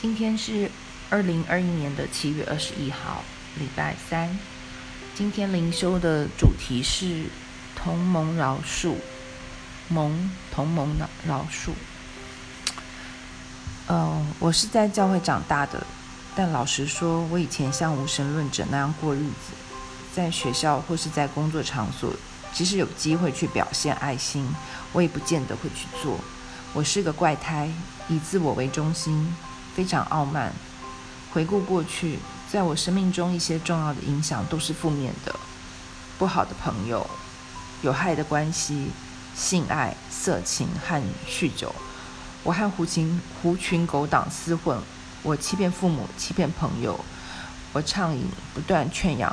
今天是二零二一年的七月二十一號，禮拜三。今天靈修的主題是“同蒙饒恕”，蒙同蒙饒饒恕。嗯，我是在教會長大的，但老實說，我以前像無神論者那樣過日子。在學校或是在工作場所，即使有機會去表現愛心，我也不見得會去做。我是個怪胎，以自我為中心。非常傲慢。回顧過去，在我生命中一些重要的影響都是負面的，不好的朋友、有害的關係、性愛、色情和酗酒。我和狐群狐群狗黨廝混，我欺騙父母，欺騙朋友，我暢飲，不斷豢養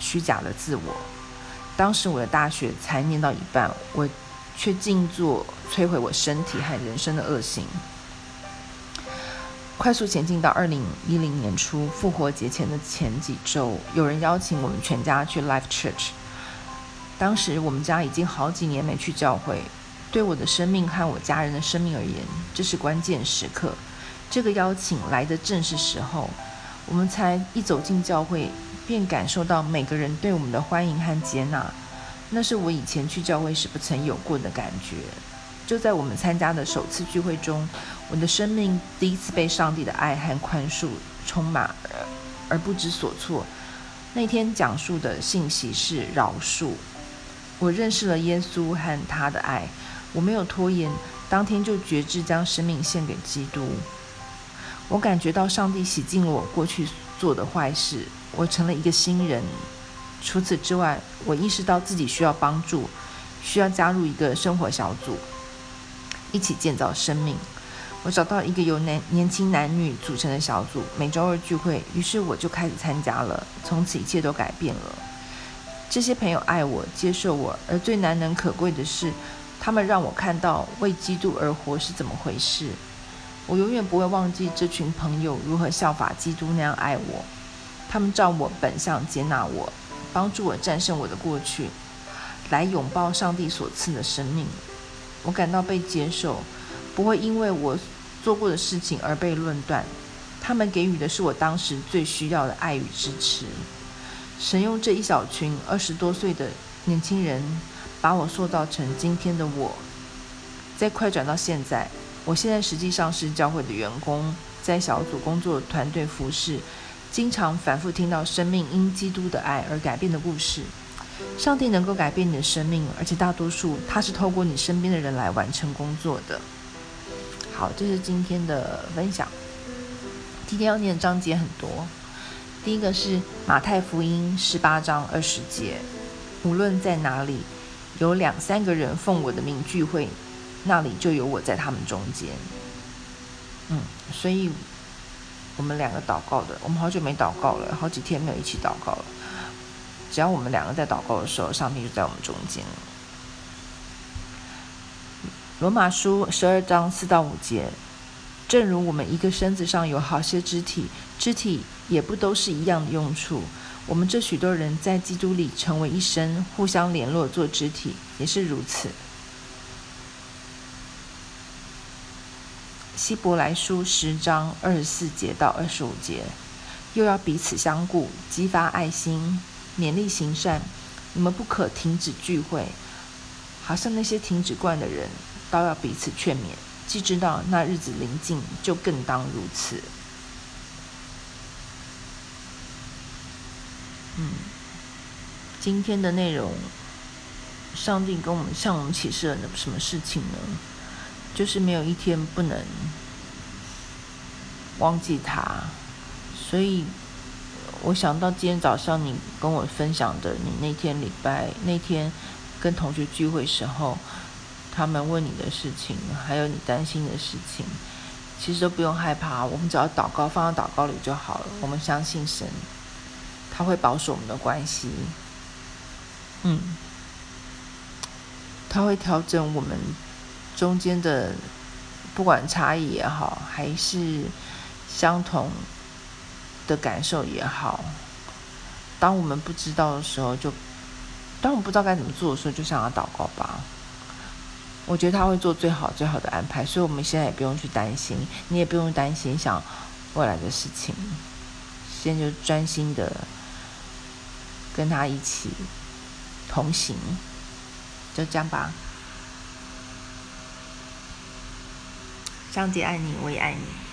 虛假的自我。當時我的大學才念到一半，我卻盡做摧毀我身體和人生的惡行。快速前進到二零一零年初，復活節前的前幾週，有人邀請我們全家去 Life.Church。當時我們家已經好幾年沒去教會，對我的生命和我家人的生命而言，這是關鍵時刻。這個邀請來的正是時候。我們才一走進教會，便感受到每個人對我們的歡迎和接納，那是我以前去教會時不曾有過的感覺。就在我們參加的首次聚會中，我的生命第一次被上帝的愛和寬恕充滿，而不知所措。那天講述的信息是饒恕。我認識了耶穌和他的愛，我沒有拖延，當天就決志將生命獻給基督。我感覺到上帝洗淨了我過去做的壞事，我成了一個新人。除此之外，我意識到自己需要幫助，需要加入一個生活小組，一起建造生命。我找到一個由年年輕男女組成的小組，每周二聚會，於是我就開始參加了。從此一切都改變了。這些朋友愛我，接受我，而最難能可貴的是，他們讓我看到為基督而活是怎麼回事。我永遠不會忘記這群朋友如何效法基督那樣愛我。他們照我本相接納我，幫助我戰勝我的過去，來擁抱上帝所賜的生命。我感到被接受，不會因為我做過的事情而被論斷，他們給予的是我當時最需要的愛與支持。神用這一小群二十多歲的年輕人，把我塑造成今天的我。再快轉到現在，我現在實際上是教會的員工，在小組工作的團隊服事，經常反覆聽到生命因基督的愛而改變的故事。上帝能夠改變你的生命，而且大多數他是透過你身邊的人來完成工作的。好，這是今天的分享。今天要念的章節很多，第一個是馬太福音十八章二十節：“無論在哪裡有兩三個人奉我的名聚會，那裡就有我在他們中間。”嗯，所以我們兩個禱告的，我們好久沒禱告了，好幾天沒有一起禱告了。只要我們兩個在禱告的時候，上帝就在我們中間了。羅馬書十二章四到五節，正如我們一個身子上有好些肢體，肢體也不都是一樣的用處。我們這許多人在基督裡成為一身，互相聯絡做肢體，也是如此。希伯來書十章二十四節到二十五節，又要彼此相顧，激發愛心，勉勵行善。你們不可停止聚會，好像那些停止慣的人。倒要彼此勸勉，既知道那日子臨近，就更當如此。嗯，今天的內容，上帝跟我們向我們啟示了什麼，什麼事情呢？就是沒有一天不能忘記他，所以我想到今天早上你跟我分享的，你那天禮拜那天跟同學聚會時候。他們問你的事情，還有你擔心的事情，其實都不用害怕。我們只要禱告，放到禱告裡就好了。我們相信神，他會保守我們的關係。嗯，他會調整我們中間的，不管差異也好，還是相同的感受也好。當我們不知道的時候就，就當我們不知道該怎麼做的時候，就想要禱告吧。我覺得他會做最好最好的安排，所以我們現在也不用去擔心，你也不用擔心想未來的事情，先就專心的跟他一起同行，就這樣吧。上帝愛你，我也愛你。